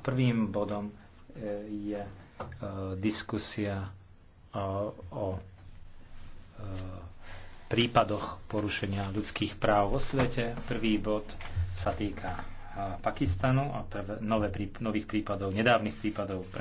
Prvým bodom e, je e, diskusia e, o prípadoch porušenia ľudských práv vo svete. Prvý bod sa týka Pakistanu a nové, nových prípadov, nedávnych prípadov